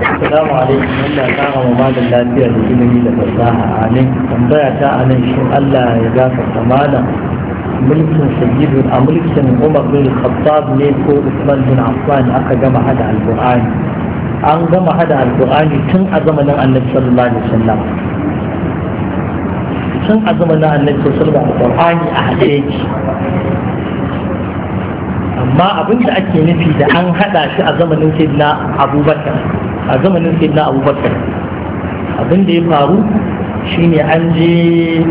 Assalamu alaikum wanda ta gama malam lafiya da ilimi da fasaha amin tambaya ta anan shin Allah ya gafarta malam mulkin sayyidu a mulkin Umar bin Khattab ne ko Usman bin Affan aka gama hada alqur'ani an gama hada alqur'ani tun a zamanin Annabi sallallahu alaihi wasallam tun a zamanin Annabi sallallahu alaihi wasallam alqur'ani a hade yake amma abin da ake nufi da an hada shi a zamanin sayyidina Abubakar a zamanin sai na abubakar abin da ya faru shine an je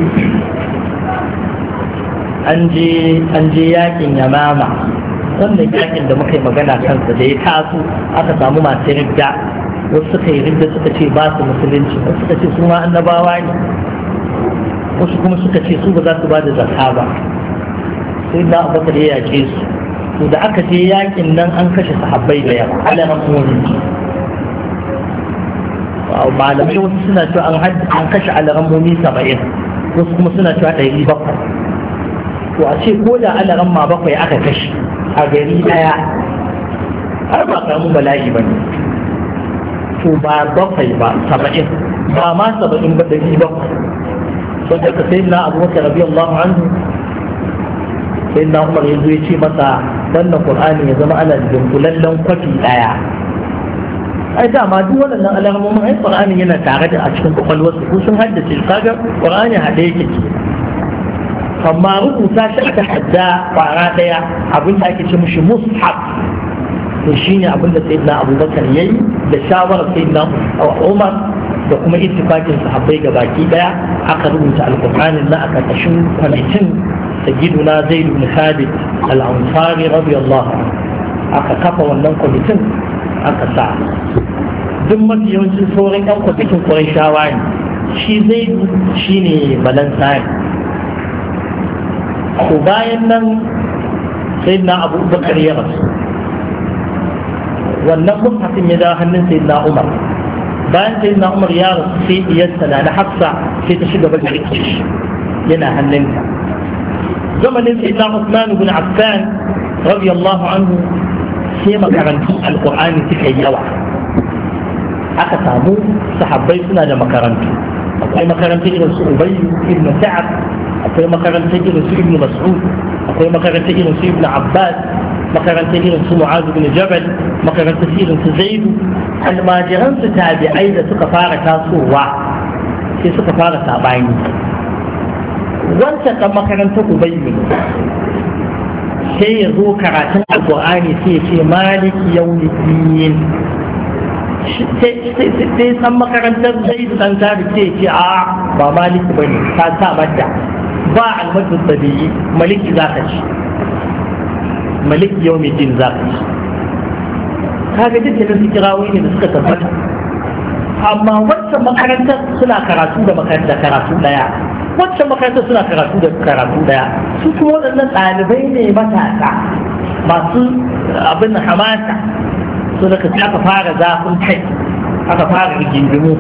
an je an je yakin yamama wannan yakin da muka yi magana kansa da ya taso aka samu masu rigga wasu suka yi rigga suka ce ba su musulunci wasu suka ce su ma annabawa ne wasu kuma suka ce su ba za su ba da zaka ba sai na abubakar ya yake su to da aka je yakin nan an kashe sahabbai da yawa alamun rasulunci malamai wasu suna cewa an kashe alarammomi saba'in wasu kuma suna cewa ɗari bakwai to a ce ko da alaramma bakwai aka kashe a gari ɗaya har ba karamin bala'i ba ne to ba bakwai ba saba'in ba ma saba'in ba ɗari bakwai wanda ka sai na abubakar rabi Allah anhu sai na umar yanzu ya ce masa wannan qur'ani ya zama ana dunkulallen kwafi ɗaya ai dama duk waɗannan alamomin ai yana tare da a cikin kwakwalwar ko sun haddace kaga qur'ani hade yake ke amma rubuta shi aka hadda ƙwara daya abin da ake ce mishi mushaf to shine abin da sayyidina abubakar yayi da shawarar sayyidina umar da kuma ittifaqin sahabbai gabaki ɗaya, aka rubuta alqur'anin na aka tashin kwamitin sayyiduna zaid bin thabit al-ansari radiyallahu aka kafa wannan kwamitin aka sa duk mafi yawancin sauran yan kwatakin kwarai shawa ne shi zai shi ne balansayin ko bayan nan sai na abu bakar ya rasu wannan mutafin ya dawo hannun sai na umar bayan sai na umar ya rasu sai diyarsa na na hafsa sai ta shiga bakar shi yana hannunta zamanin sai na usman ibn affan radiyallahu anhu sai makarantu alqur'ani suka yi yawa aka samu sahabbai suna da makarantu akwai makarantar irin su ubay ibn sa'ad akwai makarantar irin su ibn mas'ud akwai makarantar irin su ibn abbas makarantar irin su mu'az ibn jabal makarantar irin su zaid almajiran su tabi'ai da suka fara tasowa sai suka fara sabani wancan dan makarantar Ubayyu ne sai ya zo karatun alqur'ani sai ya ce maliki yawmiddin sai san makarantar zai san tabi ce ce a ba maliki ne ta sa madda ba almadu tabi'i maliki za ka ci maliki yau mai jin za ka ci kaga duk da su kirawoyi ne da suka tabbata amma wacce makarantar suna karatu da makarantar karatu daya wacce makarantar suna karatu da karatu daya su kuma waɗannan ɗalibai ne matasa masu abin hamasa so daga sai aka fara zafin kai aka fara rigingimu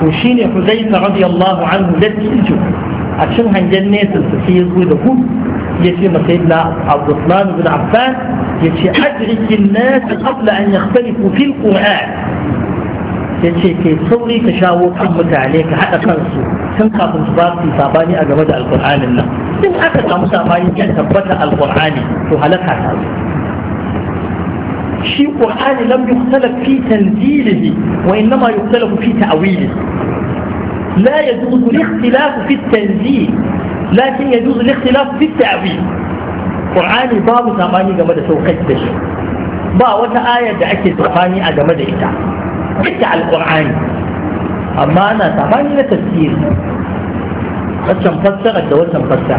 to shine Huzaifa radiyallahu anhu dattijo a cikin hangen nesa su sai ya zo da gudu ya ce masa yadda Abdulrahman bin Affan ya ce ajrikin nasa qabla an yakhtalifu fil Qur'an ya ce kai sauri ka shawo kan mutane ka haɗa kansu tun kafin su ba su sabani a game da alƙur'anin nan in aka samu sabani ya tabbata alƙur'ani to halaka ta شيء قرآني لم يختلف في تنزيله وإنما يختلف في تأويله لا يجوز الاختلاف في التنزيل لكن يجوز الاختلاف في التأويل قرآني باب ثماني جمد سوقته با وتا آية دعك ثماني أجمد إتا إتا على القرآن أما أنا ثماني لتفسير قد تنفسر قد تنفسر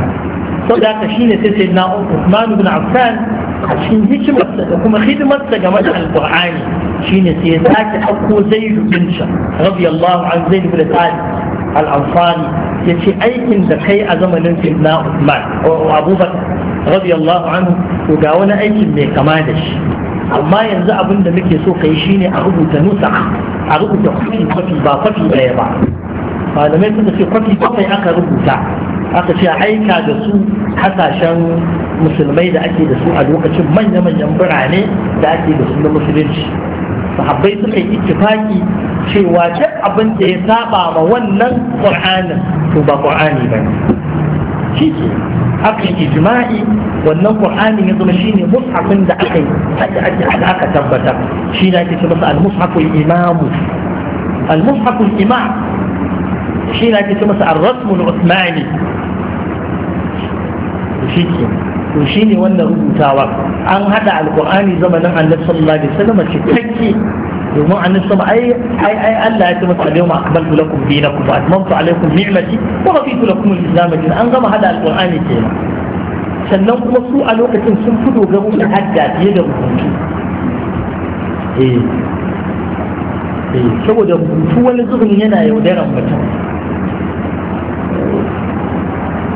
فذاك شيء سيدنا عثمان بن عفان a cikin hikimarsa da kuma hidimarsa game da alƙur'ani shine sai ya sake ɗauko zaidu bin sha radiyallahu an zaidu bin talib al-ansari ya ce aikin da kai a zamanin sayyidina Usman Abubakar radiyallahu anhu to ga wani aikin mai kama da shi amma yanzu abin da muke so kai shine a rubuta nusa a rubuta kwafi kwafi ba kwafi ɗaya ba malamai suka ce kwafi bakwai aka rubuta aka ce aika da su hasashen musulmai da ake da su a lokacin manya-manyan birane da ake da su na musulunci sahabbai suka yi ittifaki cewa duk abin da ya saba ma wannan qur'anin to ba qur'ani ba ne shi ke aka yi ijma'i wannan qur'anin ya zama shine mushafin da aka yi aka aka tabbata shi na ake al masa al-mushaful imamu al-mushaful imam shi da ake cewa al ar-rasmul usmani shi ke to ne wannan rubutawa an hada alqur'ani zamanin annabi sallallahu alaihi wasallam cikakke domin annabi sama ai ai ai Allah ya ce masa al-yawma akmaltu lakum dinakum wa atmamtu alaykum ni'mati wa raditu lakum al-islam an gama hada alqur'ani kenan sannan kuma su a lokacin sun fi dogaro da hadda fiye da rubutu eh, eh saboda rubutu wani zubin yana yaudaran mutum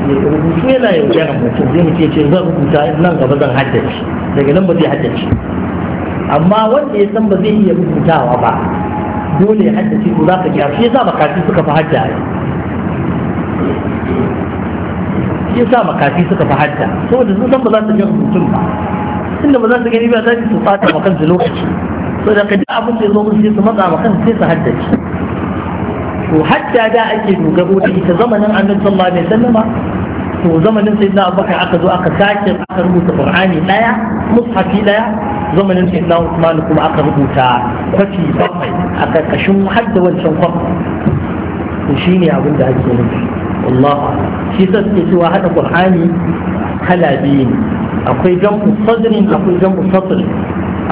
rubutu yana yaudarar mutum zai mutum ce zan rubuta nan gaba zan haddace daga nan ba zai haddace amma wanda ya san ba zai iya rubutawa ba dole ya haddace to za ka kira shi yasa makafi suka fi hadda shi yasa makafi suka fi hadda saboda sun san ba za su ga rubutun ba tunda ba za su gani ba za su fata ma kansu lokaci saboda ka ji abin da ya zo musu sai su matsa ma kansu sai su haddace to hatta da ake dogaro da ita zamanin annabi sallallahu alaihi wasallama to zamanin sayyidina abubakar aka zo aka sake aka rubuta qur'ani daya mushafi daya zamanin sayyidina usman kuma aka rubuta kwafi bakwai a karkashin hadda wancan kwafi to shine abin da ake nufi wallahi shi sa suke cewa hada qur'ani kala biyu ne akwai jamu sadrin akwai jamu satr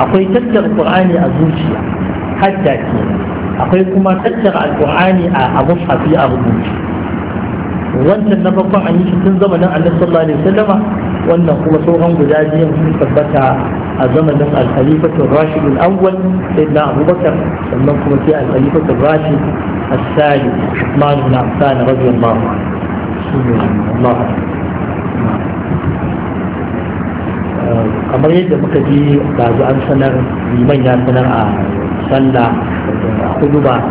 akwai tattar qur'ani a zuciya hadda kenan akwai kuma tattara alƙur'ani a abu hafi a rubutu wancan na farkon an yi shi tun zamanin annabi sallallahu alaihi wasallama wannan kuma sauran guda biyan sun tabbata a zamanin al-khalifatul rashid al-awwal sayyidina abubakar sannan kuma sai al-khalifatul rashid as-sali usman ibn affan radiyallahu anhu kamar yadda muka ji dazu an sanar liman ya sanar a sallah kudu ba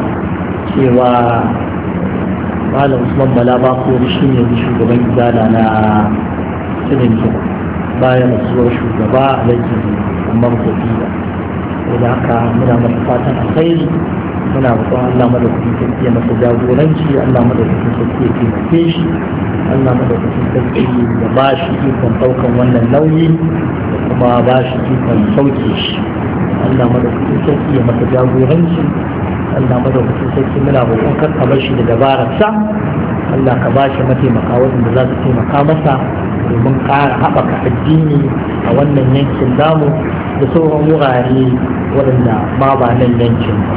cewa malam usman bala ba ko shi ne shugaban izala na sinin bayan rasuwar shugaba a laifin amman kofiya ko da haka muna masa fatan kai muna roƙon Allah madaukakin ta fiye masa jagoranci Allah madaukakin sarki ya taimake shi Allah ta fiye ya ba shi ikon ɗaukan wannan nauyi da kuma ba shi ikon sauke shi Allah madaukakin ta fiye masa jagoranci Allah madaukakin sarki muna roƙon kar ka bar shi da dabararsa Allah ka ba shi mataimaka waɗanda za su taimaka masa domin ƙara haɓaka addini a wannan yankin namu da sauran wurare waɗanda ma ba nan yankin ba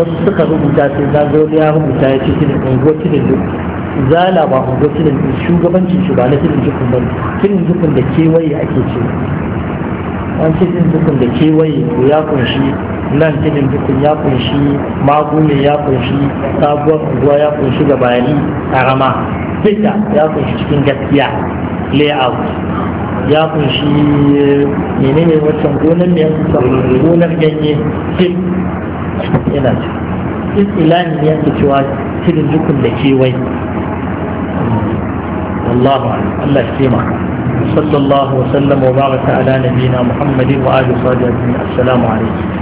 wasu suka rubuta sai za zo ya rubuta ya ce kiran unguwar tilin duk zala ba unguwar tilin duk shugabancin ba na tilin dukun ba kiran dukun da kewaye ake ce an ce tilin dukun da kewaye ya kunshi nan tudun dukkan ya kunshi magume ya kunshi sabuwar unguwa ya kunshi gabani karama duka ya kunshi cikin gaskiya layout ya kunshi menene wancan gonar ne gonar ganye duk yana ci istilahi ne yake cewa tudun dukkan da kewaye والله أعلم الله يسلمك صلى الله وسلم وبارك على نبينا محمد وآله وصحبه أجمعين السلام عليكم